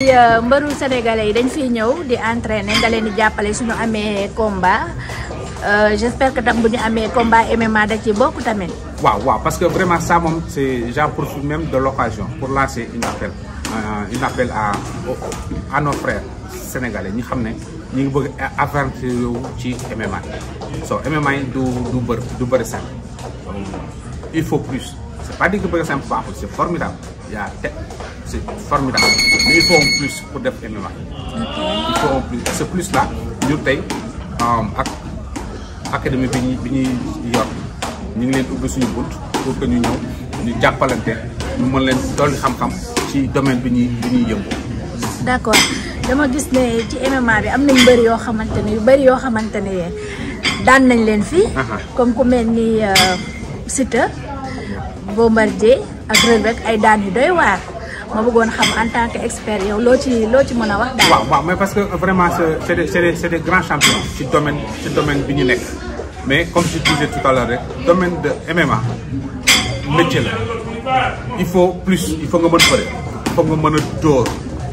Euh, mbëru sénégalais yi dañ fiy ñëw di entraîner nga leen jàppale suñu amee combat euh, j'espère que tam bu ñu amee combat MMA da ci bokk tamit. waaw waaw parce que vraiment ça moom c'est j'en profite même de l'occasion pour lancer une appel euh, une appel à à nos ñi xam ne ñu ngi bëgg aventure yow ci MMA so MMA yi du du du bëri simple il faut plus c'est pas dire que bëri simple baaxul c'est c'est formidable mais il faut en plus pour def MMA il faut plus ce plus là ñu tey ak académie bi ñuy yor ñu ngi leen ubbi suñu bunt pour que ñu ñëw ñu jàppalante ñu mën leen dolli xam-xam ci domaine bi ñuy bi ñuy yëngu dama gis ne ci MMA bi am nañ mbëri yoo xamante ne yu bëri yoo xamante ne daan nañ leen fi comme ku mel ni euh, Siteu Bombardier ak Reug ay daan yu doy waar ma bëggoon xam en tant que expert yow loo ci loo ci mën a wax daal. waaw waaw mais parce que vraiment c'est des c'est des c'est ci domaine bi ñu nekk. mais comme je disais tout à rek domaine de MMA métier la il faut plus il faut nga mën bëre il faut nga mën a dóor.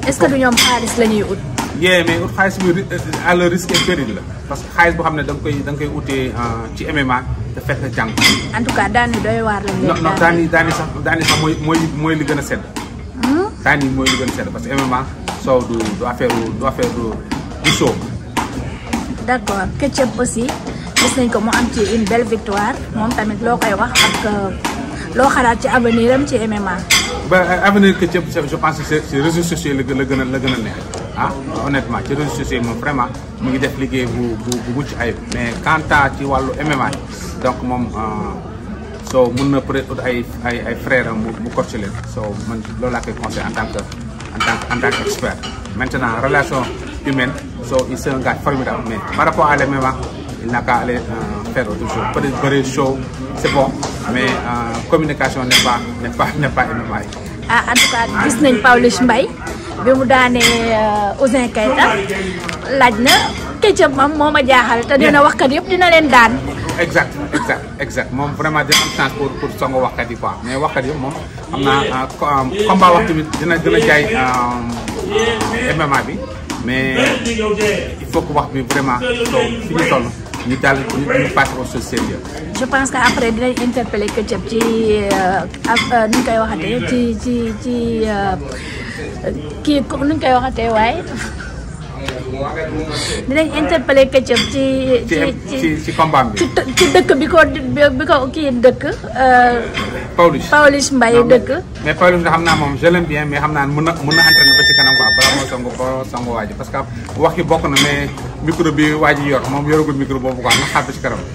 est-ce que du ñoom xaalis la euh, le risque et la parce que xaalis boo xam ne da nga koy da nga koy utee euh, ci MMA te fekk jàng. en tout cas daan doy waar lañ. leen daan non non daan sax daan sax mooy mooy mooy li gën a sedd. temps yi mooy lu gën sedd parce que MMA soow du du affaire du affaire du soow. d' accord aussi gis nañ ko mu am ci une belle victoire moom tamit loo koy wax ak euh, loo xalaat ci avenir am ci MMA. ba euh, avenir Ketchup je pense que ci réseaux sociaux la gën gën a la gën a neex ah honnêtement ci réseaux sociaux moom vraiment mu ngi def liggéey bu bu bu mucc ay mais quant à ci wàllu MMA donc moom. Euh, so mun na peut être ay ay ay frères am mu mu coaché leen so man loolu en tant que expert. maintenant relation humaine so il c'est formidable mais par rapport à l'MMA il n'a qu'à aller euh, faire show c'est bon mais euh, communication n'est pas n'est pas n'est pas MMA yi. Ah, gis nañ Pawlish Mbaye bi mu daanee euh, Ouzin Keita laaj na. tëjëmam moo ma jaaxal te dina waxkat yëpp dina leen daan. exact exact exact moom vraiment dina am chance pour pour songo waxkat yi quoi mais waxkat yëpp moom xam naa ah, ah, combat wax tamit dina dina jaay ah, MMA bi mais il faut que wax bi vraiment taw fi ñu toll. ñu daal ñu passé ko su sérieux je pense que après dinañ interpeller Ketchup ci euh, euh, nu ñu koy waxatee ci ci ci euh, kii nu ñu koy waxatee waaye. dinañ interpellé Ketchup ci ci ci ci combat bi. ci dëkk bi ko bi ko kii dëkk. Pawlish euh, Pawlish Mbaye dëkk. mais Pawlish nga xam naa moom je l'aime bien mais xam naa mën na mën na entraîné ba ci kanam quoi balaa moo sangu ba sangu waa ji parce que wax yi bokk na mais micro bi waa ji yor moom yoragul micro boobu quoi na xaar ba ci kanam.